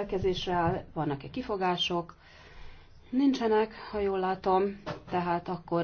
rendelkezésre áll, vannak-e kifogások, nincsenek, ha jól látom, tehát akkor